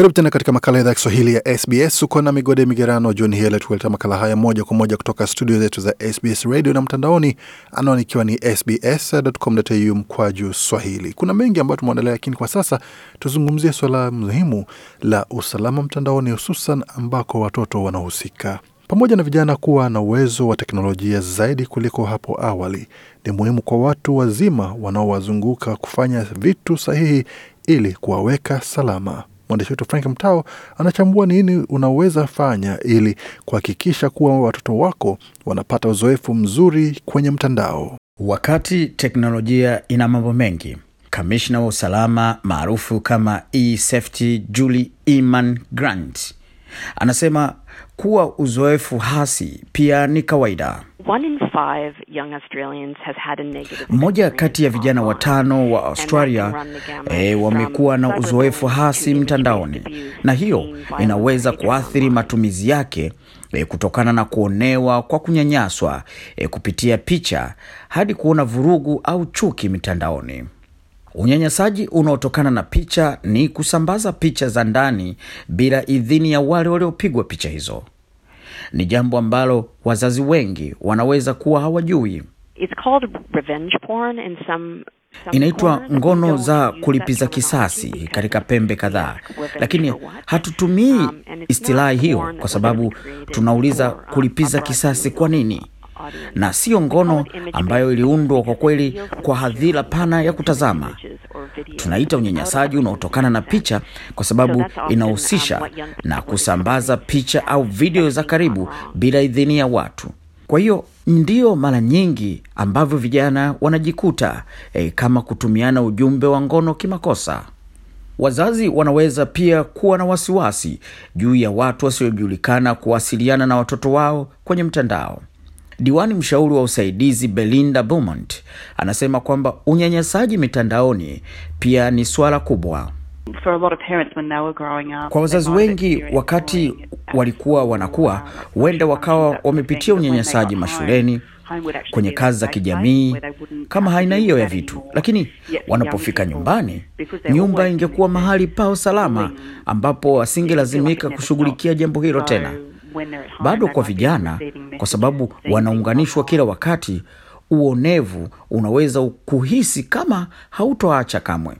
Karibu tena katika makala ya idhaa ya Kiswahili ya SBS. Uko na Migode Migerano John Hiele tukuletea makala haya moja kwa moja kutoka studio zetu za SBS radio na mtandaoni, anwani ikiwa ni sbs.com.au mkwaju swahili. Kuna mengi ambayo tumeandalia, lakini kwa sasa tuzungumzie suala muhimu la usalama mtandaoni, hususan ambako watoto wanahusika. Pamoja na vijana kuwa na uwezo wa teknolojia zaidi kuliko hapo awali, ni muhimu kwa watu wazima wanaowazunguka kufanya vitu sahihi ili kuwaweka salama. Mwandishi wetu Frank Mtao anachambua nini unaweza fanya ili kuhakikisha kuwa watoto wako wanapata uzoefu mzuri kwenye mtandao. Wakati teknolojia ina mambo mengi, kamishna wa usalama maarufu kama eSafety Julie Eman Grant Anasema kuwa uzoefu hasi pia ni kawaida. Mmoja kati ya vijana watano wa Australia e, wamekuwa na uzoefu hasi mtandaoni, na hiyo inaweza kuathiri matumizi yake e, kutokana na kuonewa kwa kunyanyaswa e, kupitia picha hadi kuona vurugu au chuki mtandaoni Unyanyasaji unaotokana na picha ni kusambaza picha za ndani bila idhini ya wale waliopigwa picha hizo. Ni jambo ambalo wazazi wengi wanaweza kuwa hawajui. Inaitwa ngono za kulipiza kisasi katika pembe kadhaa, lakini hatutumii um, istilahi hiyo kwa sababu tunauliza um, kulipiza kisasi kwa nini? na siyo ngono ambayo iliundwa kwa kweli kwa hadhira pana ya kutazama. Tunaita unyanyasaji unaotokana na picha kwa sababu inahusisha um, na kusambaza picha au video za karibu um, bila idhini ya watu. Kwa hiyo ndiyo mara nyingi ambavyo vijana wanajikuta eh, kama kutumiana ujumbe wa ngono kimakosa. Wazazi wanaweza pia kuwa na wasiwasi juu ya watu wasiojulikana kuwasiliana na watoto wao kwenye mtandao. Diwani mshauri wa usaidizi Belinda bomont anasema kwamba unyanyasaji mitandaoni pia ni swala kubwa kwa wazazi wengi wakati walikuwa wanakuwa, huenda wakawa wamepitia unyanyasaji mashuleni, kwenye kazi za kijamii, kama aina hiyo ya vitu. Lakini wanapofika nyumbani, nyumba ingekuwa mahali pao salama ambapo wasingelazimika kushughulikia jambo hilo tena bado kwa vijana, kwa sababu wanaunganishwa kila wakati. Uonevu unaweza kuhisi kama hautoacha kamwe.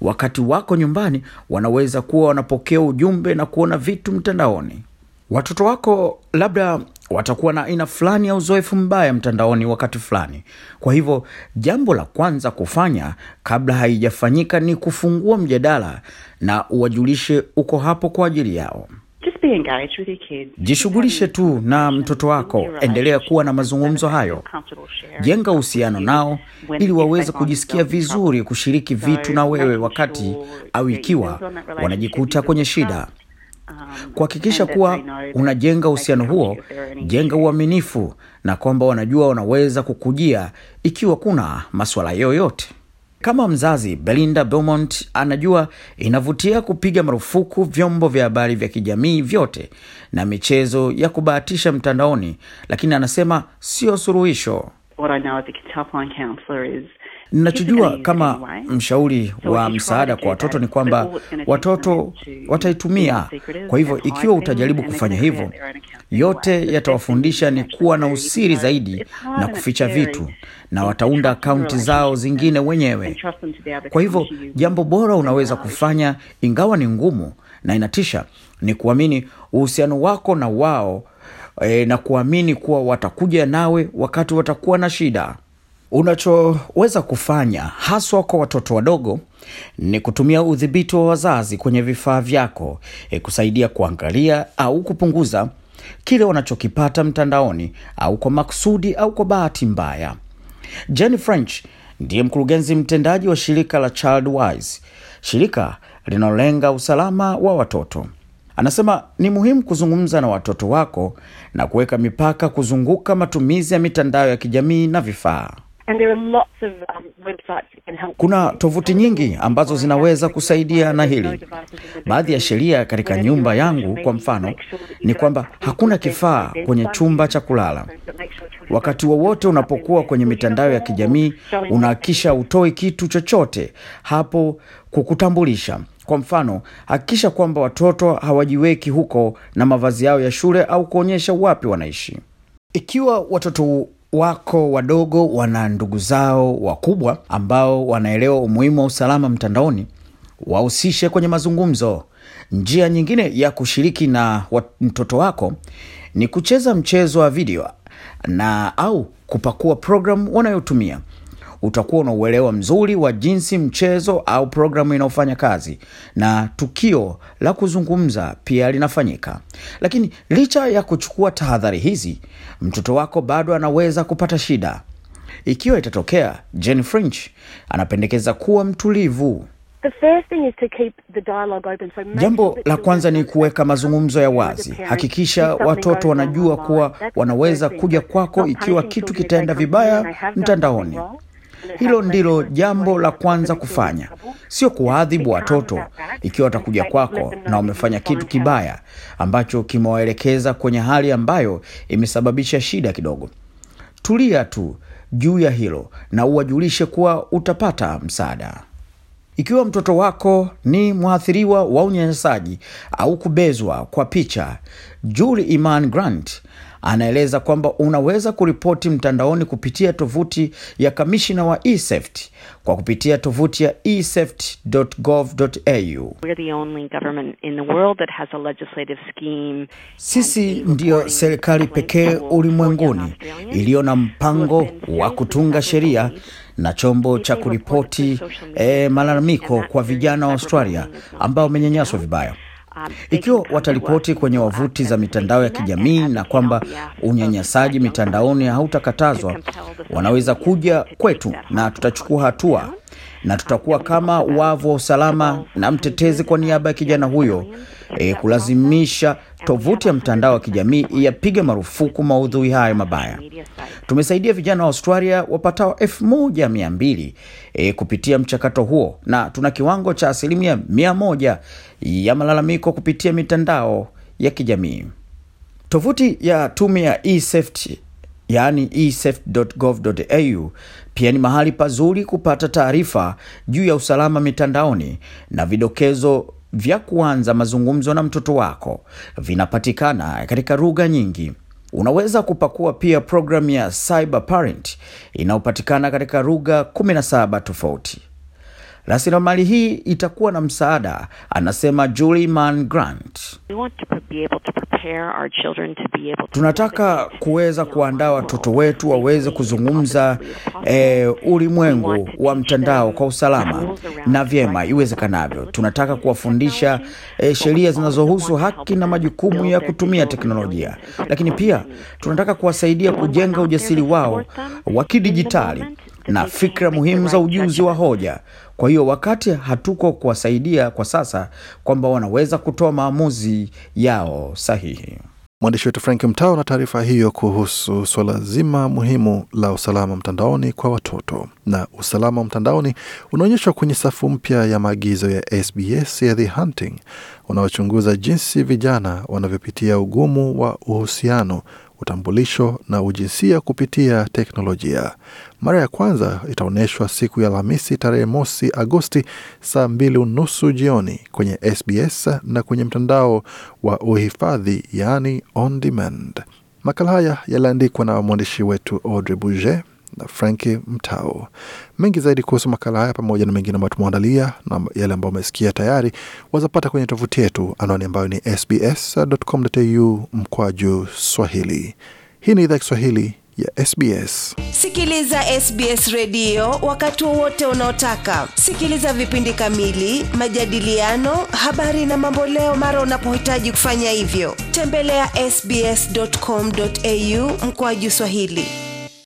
Wakati wako nyumbani, wanaweza kuwa wanapokea ujumbe na kuona vitu mtandaoni. Watoto wako labda watakuwa na aina fulani ya uzoefu mbaya mtandaoni wakati fulani. Kwa hivyo, jambo la kwanza kufanya kabla haijafanyika ni kufungua mjadala na uwajulishe uko hapo kwa ajili yao. Jishughulishe tu na mtoto wako, endelea kuwa na mazungumzo hayo, jenga uhusiano nao ili waweze kujisikia vizuri kushiriki vitu na wewe, wakati au ikiwa wanajikuta kwenye shida. Kuhakikisha kuwa unajenga uhusiano huo, jenga uaminifu na kwamba wanajua wanaweza kukujia ikiwa kuna masuala yoyote. Kama mzazi, Belinda Beaumont anajua inavutia kupiga marufuku vyombo vya habari vya kijamii vyote na michezo ya kubahatisha mtandaoni, lakini anasema sio suluhisho. What I know as a Ninachojua kama mshauri wa msaada kwa watoto ni kwamba watoto wataitumia. Kwa hivyo, ikiwa utajaribu kufanya hivyo, yote yatawafundisha ni kuwa na usiri zaidi na kuficha vitu, na wataunda akaunti zao zingine wenyewe. Kwa hivyo, jambo bora unaweza kufanya, ingawa ni ngumu na inatisha, ni kuamini uhusiano wako na wao e, na kuamini kuwa watakuja nawe wakati watakuwa na shida. Unachoweza kufanya haswa kwa watoto wadogo ni kutumia udhibiti wa wazazi kwenye vifaa vyako e, kusaidia kuangalia au kupunguza kile wanachokipata mtandaoni au kwa makusudi au kwa bahati mbaya. Jenny French ndiye mkurugenzi mtendaji wa shirika la Childwise, shirika linalolenga usalama wa watoto. Anasema ni muhimu kuzungumza na watoto wako na kuweka mipaka kuzunguka matumizi ya mitandao ya kijamii na vifaa. Um, Kuna tovuti nyingi ambazo zinaweza kusaidia na hili. Baadhi ya sheria katika nyumba yangu kwa mfano ni kwamba hakuna kifaa kwenye chumba cha kulala. Wakati wowote wa unapokuwa kwenye mitandao ya kijamii unahakisha utoe kitu chochote hapo kukutambulisha. Kwa mfano, hakikisha kwamba watoto hawajiweki huko na mavazi yao ya shule au kuonyesha wapi wanaishi. Ikiwa watoto wako wadogo wana ndugu zao wakubwa ambao wanaelewa umuhimu wa usalama mtandaoni, wahusishe kwenye mazungumzo. Njia nyingine ya kushiriki na mtoto wako ni kucheza mchezo wa video na au kupakua programu wanayotumia utakuwa na uelewa mzuri wa jinsi mchezo au programu inayofanya kazi na tukio la kuzungumza pia linafanyika. Lakini licha ya kuchukua tahadhari hizi, mtoto wako bado anaweza kupata shida. Ikiwa itatokea, Jane French anapendekeza kuwa mtulivu. So jambo la kwanza ni kuweka mazungumzo ya wazi. Hakikisha watoto wanajua kuwa wanaweza kuja kwako ikiwa kitu kitaenda vibaya mtandaoni. Hilo ndilo jambo la kwanza kufanya, sio kuwaadhibu watoto ikiwa watakuja kwako na wamefanya kitu kibaya ambacho kimewaelekeza kwenye hali ambayo imesababisha shida kidogo. Tulia tu juu ya hilo na uwajulishe kuwa utapata msaada. Ikiwa mtoto wako ni mwathiriwa wa unyanyasaji au kubezwa kwa picha, juli Iman Grant anaeleza kwamba unaweza kuripoti mtandaoni kupitia tovuti ya kamishina wa esaft kwa kupitia tovuti ya esafety.gov.au. Sisi ndiyo serikali pekee ulimwenguni iliyo na mpango wa kutunga sheria na chombo cha kuripoti e, malalamiko kwa vijana wa Australia ambao wamenyanyaswa vibaya. Ikiwa wataripoti kwenye wavuti za mitandao ya kijamii na kwamba unyanyasaji mitandaoni hautakatazwa, wanaweza kuja kwetu na tutachukua hatua, na tutakuwa kama wavu wa usalama na mtetezi kwa niaba ya kijana huyo, e, kulazimisha Tovuti ya mtandao wa kijamii yapiga marufuku maudhui hayo mabaya. Tumesaidia vijana wa Australia wapatao elfu e, kupitia mchakato huo na tuna kiwango cha asilimia 1 ya malalamiko kupitia mitandao ya kijamii. Tovuti ya tume ya eSafety yaani eSafety.gov.au pia ni mahali pazuri kupata taarifa juu ya usalama mitandaoni na vidokezo vya kuanza mazungumzo na mtoto wako vinapatikana katika lugha nyingi. Unaweza kupakua pia programu ya Cyber Parent inayopatikana katika lugha 17 tofauti. Rasilimali hii itakuwa na msaada, anasema juli man Grant. Tunataka kuweza kuandaa watoto wetu waweze kuzungumza e, ulimwengu wa mtandao kwa usalama na vyema iwezekanavyo. Tunataka kuwafundisha e, sheria zinazohusu haki na majukumu ya kutumia teknolojia, lakini pia tunataka kuwasaidia kujenga ujasiri wao wa kidijitali na fikra muhimu za ujuzi wa hoja. Kwa hiyo wakati hatuko kuwasaidia kwa sasa, kwamba wanaweza kutoa maamuzi yao sahihi. Mwandishi wetu Frank Mtao na taarifa hiyo kuhusu suala zima muhimu la usalama mtandaoni kwa watoto. Na usalama mtandaoni unaonyeshwa kwenye safu mpya ya maagizo ya SBS ya The Hunting, unaochunguza jinsi vijana wanavyopitia ugumu wa uhusiano utambulisho na ujinsia kupitia teknolojia. Mara ya kwanza itaonyeshwa siku ya Alhamisi tarehe mosi Agosti saa mbili unusu jioni kwenye SBS na kwenye mtandao wa uhifadhi yaani on demand. Makala haya yaliandikwa na mwandishi wetu Audrey Buget na Franki Mtao. Mengi zaidi kuhusu makala haya pamoja na mengine ambayo tumeandalia na yale ambayo umesikia tayari wazapata kwenye tovuti yetu, anwani ambayo ni sbs.com.au mkwaju swahili. Hii ni idhaa Kiswahili ya SBS. Sikiliza SBS redio wakati wowote unaotaka. Sikiliza vipindi kamili, majadiliano, habari na mamboleo mara unapohitaji kufanya hivyo. Tembelea ya sbs.com.au juu swahili.